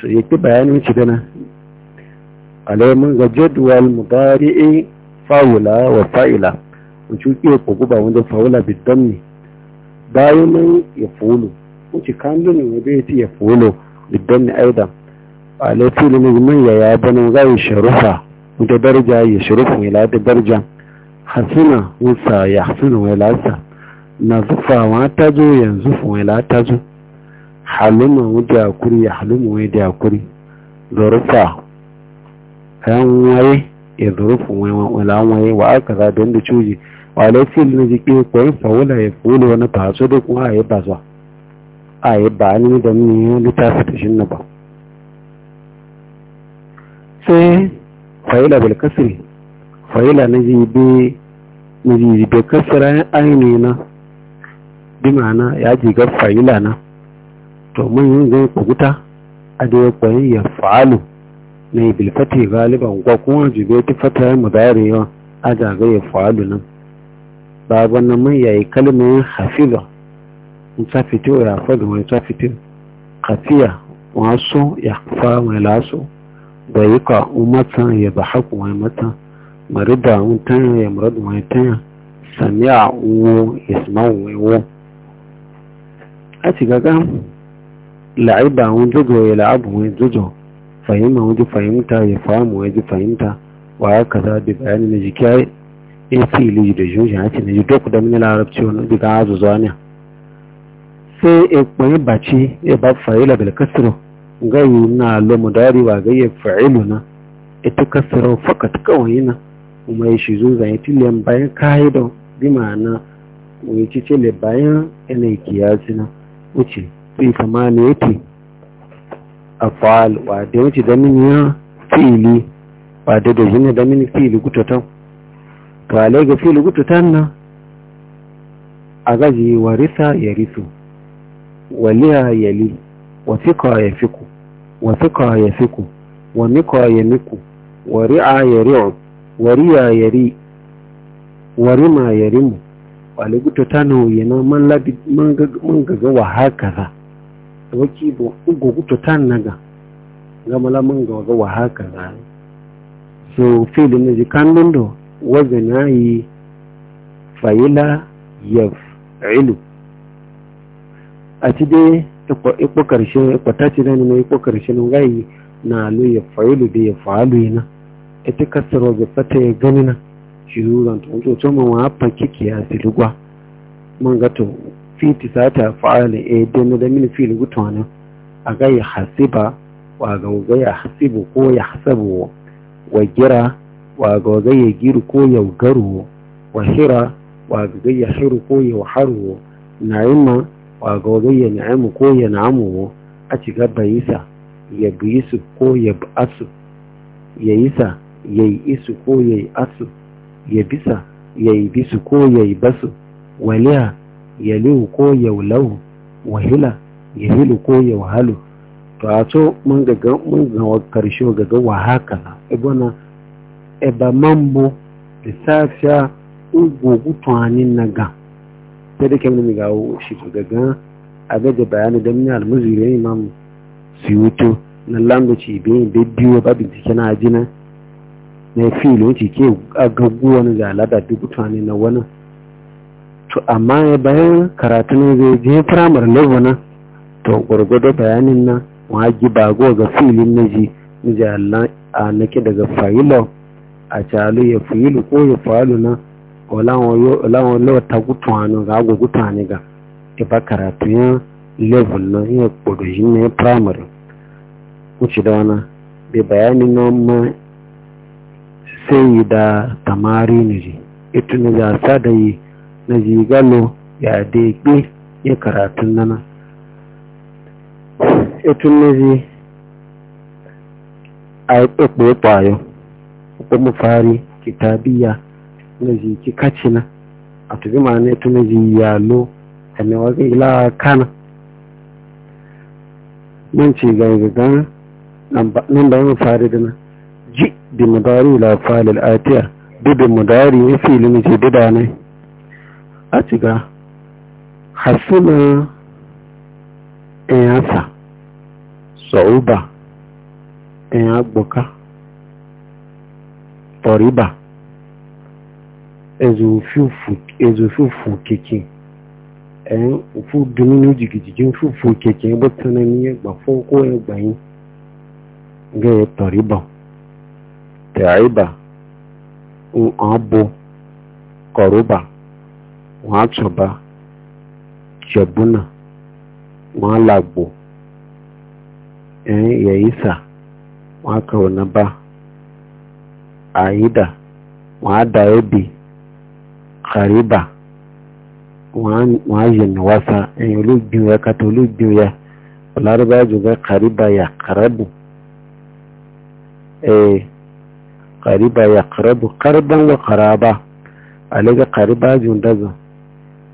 to yake bayanin shi dana alaimun ga jadwal mudari'i fa'ula wa fa'ila wuce ke ko guba wanda fa'ula bidan ne bayan nan ya fulu wuce kandu ne wanda ya ya fulu bidan ne aida alaifi ne mai ya ya bana za yi sharufa wanda darja ya sharufa ya lada darja hasina wusa ya hasina wa lasa na zufawa ta zo yanzu fa ta zo halima wuce kuri ya halima wuce kuri zorufa yan waye ya zorufu wala waye wa aka za don da cuji wa laifin na jike kwayi faula ya fuli wani faso da kuma a yi ba zuwa a yi ba ni da ni ya littafi ta shi na ba sai fa'ila bil kasri fa'ila na jibe na jibe kasra aini na bi ma'ana ya jigar fa'ila na to man yin zai kuguta a da ya kwayi ya fa'alu na yi bilfati galiban ko kuma jibe ta fata ya mudari yawa a daga ya fa'alu nan babban nan man yayi kalmar hafiza in ta fito ya fada mai ta fito kafiya wasu ya fa mai laso da yi ka umatan ya ba haku mai mata marida mutan ya muradu mai tanya sami'a uwo isma'u mai wo a shiga gan la'iba wani jojo ya la'abu wani jojo fahima ji fahimta ya famu ji fahimta wa ya kaza da bayanin da jiki ya yi fili da ya ce na jido ku da mini larabci wani diga azu zuwa ne sai ya kwayi baci ya ba fa'ila bil kasro gayu na lomu dari ba gayi fa'ilu na ita kasro fakat kawai na kuma ya shi zuzan ya tiliyan bayan kayi da bi ma'ana wuce ce le bayan yanayi kiyasi na wuce fi samaniyati afal wa da wuce da min ya fi'ili wa da da jina da min fi'ili gutatan to alai ga fi'ili gutatan na a gaji warisa ya risu waliya yali wasika ya fiku wasika ya fiku wa mika ya miku wa ri'a ya ri'u wa riya ya ri wa rima ya rimu wale gutatan yana man gaga wa haka waki bo ugo guto tan naga ga malaman ga ga wa haka na so fili ne jikan nan do waga nayi fayila yaf'ilu a ci dai iko karshe iko ta ci ne iko karshe ne ga na lu ya fa'ilu da ya fa'alu yana ita kasaro ga fata ya gani na shi ruran to to mun wa fa kiki ya silugwa mun ga to fi tisata fa'ala e eh, dan da min fil gutwana aga ya ba, wa ga ga ya hasibu ko ya hasabu wa gira wa ga ga ya giru ko ya garu wa hira wa ga ga ya hiru ko ya haru na'ima wa ga ga ya na'imu ko ya na'amu a ci gaba yisa ya bi su ko ya bi asu ya yisa ya yi isu ko ya yi asu ya bisa ya yi bisu ko ya yi basu waliya yalihu ko yaulahu wahila yahilu ko yauhalu to a to mun ga mun ga karshe ga ga wa haka ibona eba mambo lisafia ugogu tuwanin na ga sai da kemgbe o shi to gaga a gaga bayani don ni almuzire imam siwuto na langoci biyan biyu ba bincike na ajina na filo ce ke agaguwa na ga alada duk na wannan to amma bayan karatu ne zai je firamar level nan to gwargwado bayanin nan waji ba go ga filin na ji mijalan a nake daga fayilo a calo ya filu ko ya falu na olawon lo ta gutuwanu ga go gutuwani ga ba karatu ya level na ya na ya firamar wuce da wana bai bayanin nan ma sai da tamari ne ji ita ne za sa da yi na jigalo ya daidai ya karatun nana etun na ji a yi ɗaɓɓe ƙwayo mu fari kitabiya na ji ki kacina a tuzi ma na etun na ji yalo sannan e wasu ila kana mun ci gangagan nan da wani fari dana ji bi mudari la falil atiya bi bi mudari ya fili ne dida ne atiga hasuna eyansa sọ̀ọ́bà eyan agbọ̀ká tọ̀ríbà ezofufu keke ẹ̀yìn òfu duninu jìgìjìgì fufu keke bó tẹ́lẹ̀ ní ẹgbà fọ́nkó ẹgbà yín gẹ́yẹ tọ̀ríbà tẹ̀ríbà ń àbò kọ̀rọ̀bà. wọ́n á tọ̀ba jẹ̀búnà wọ́n á làgbò ẹ̀yìn yẹ̀yísà wọ́n á kàwé nàbà àyídà wọ́n á dà ẹ́bì kàríbà wọ́n á yẹ̀ níwáṣà ẹ̀yìn olóògbé ya kàtà olóògbé ya ọ̀làrúbá jùlọ kàríbà yà kàrẹ́bù kàríbà yà kàrẹ́bù kàrẹ́bà ń wọ kàràbà àlẹ́gà kàríbà jùlọ dàgbà.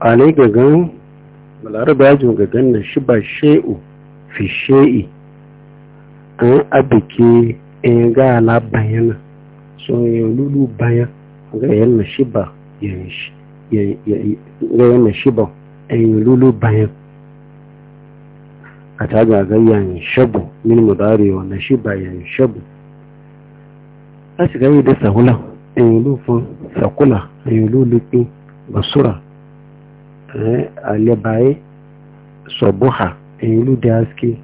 a ne gagan malaraba yajin gagan na shi ba she'u fi she'i an abike in gala bayana sun yi lulu bayan ga yan na shi ba yan ba in lulu bayan a ta gaga yan shabu min mudari wa na shi ba yan shabu a shiga yi da sahula in lufin sakula in lulufin basura Eh, alebaye sobuha ilu da haske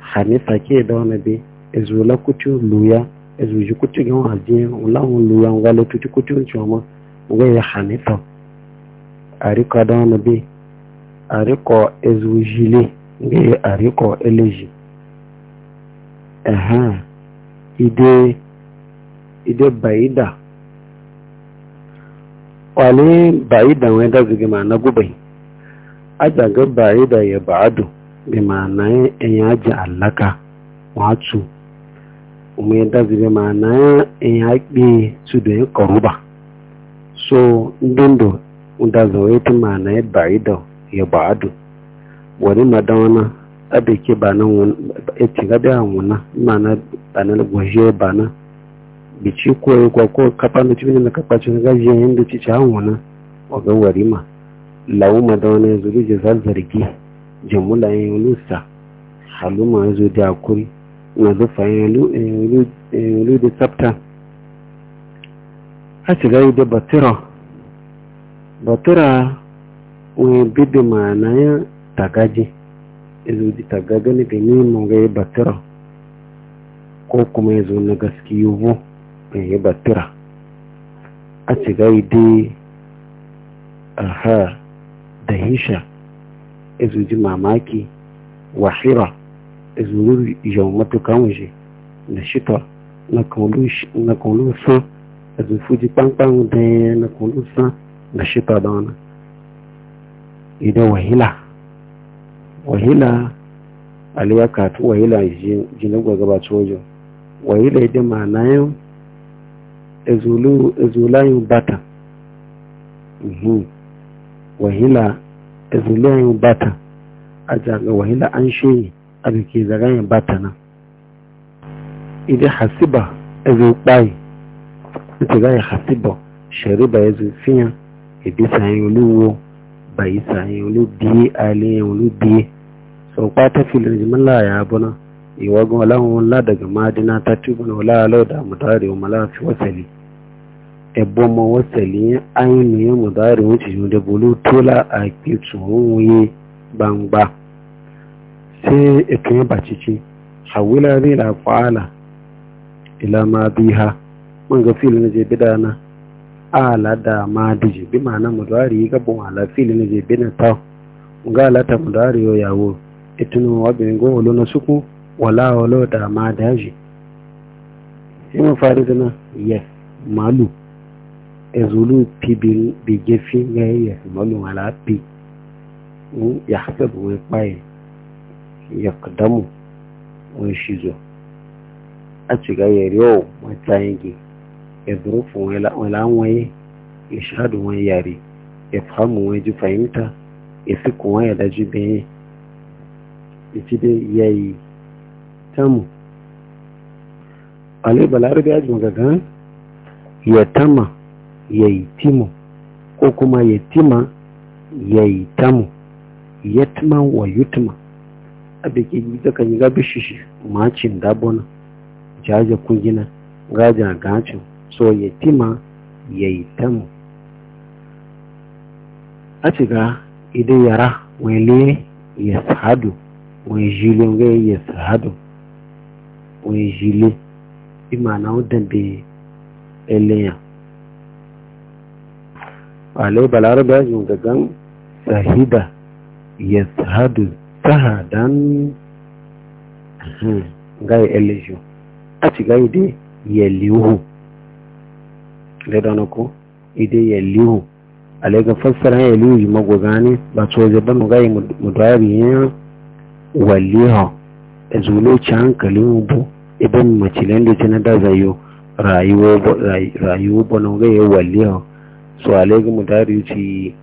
hanifa ke da wani bi ezu la kutu luya ezu ji kutu gan haje wala won luya wala tutu kutu choma we ya hanifa ariko da wani bi ariko ezu jile nge ariko eleji aha ide ide baida wale bayi da wani ma na gubai a daga bayi da ya ba'adu bi ma na yan yaji allaka wacu kuma ya da ma na yan su da ya karuba so dindo da ta ma na ya bayi da ya wani madawana ke ba nan wani ya ci gabe a ma na ba na ba na bici ko ko ko kafa mutu ne na kafa cin gajiya warima lauma da wani zuri ji zarzargi jamula yin lusa haluma ya zo akuri na zufa yin lu da tsafta a shiga da batira batira wani ma'ana ya tagaji izu di tagaga ne da ni mun ga batira ko kuma ya zo na yi batira a ci dai aha da hisha izu ji mamaki wahira izu yau matukan waje na shita na kolusa izu fuji kpankpan dai, na kolusa na shita da wani idan wahila wahila aliyaka tu wahila jinagwa gabata wajen wahila idan ma na yau ezulayin bata mhm. wahila ezulayin bata a jaga wahila an shi a da ke zagayen bata na idan hasiba ezulpayi ita gaya hasiba shariba ya zufiya ibi sayin oluwo bayi sayin olubiye aliyan olubiye sau kwata filin jimila ya abuna iwagun olahun ladaga madina ta tubuna wala alau da mutare wa malafi wasali ẹ̀bọ́ ọmọ wọn tẹ̀lé áyínú yẹn mọ̀dáàrí wọn ti yọ̀ǹde bolú tó lá àìpẹ̀tù òun yẹn gbangba sai ètò yẹn bàtìtì àwílà rí làfààlà ìlànà àbíhá wọn ga fíìlì na jẹbi dáná àlà dàmà dìjì bí màánà mọ̀dáàrí yìí gàbọ̀n àlà fíìlì na jẹbi na táw nga àlàtà mọ̀dáàrí yóò yàwó ètò yẹn wà bẹ̀rẹ̀ gbọ́n olóná sukùn wàlá ọlọ́ dàmà dájì. Ina fari da na? Yes, malu. ezulu pi bigefi ngeye manu ala pi yahsabu we paye yakdamu we shizo aciga yeri o we tayengi yadrufu wala waye yashhadu we yari yafhamu we ju fahimta yasiku we daju beye icide yayi tamu ale balarabe ajmaga gan yatama yaitimu ko kuma yatima ya tima wa abikin abiki kan yi gabi shishi macin dabona jaja kungina gaja gacin so yi tamu a ciga idan yara ne ya sadu wani jile wani ya sadu wani jile imana dambe eleyan ale balarabe ya sahida ya sahadan hmm. gai elijo ati ti gai ide yalihu da danako ide yeliu ale ga fassara yeliu yi ba to ban gai mudari ya waliha da chan hankalin bu idan macilan da da zayo rayuwa rayuwa bonoge waliha so alaikum tarihi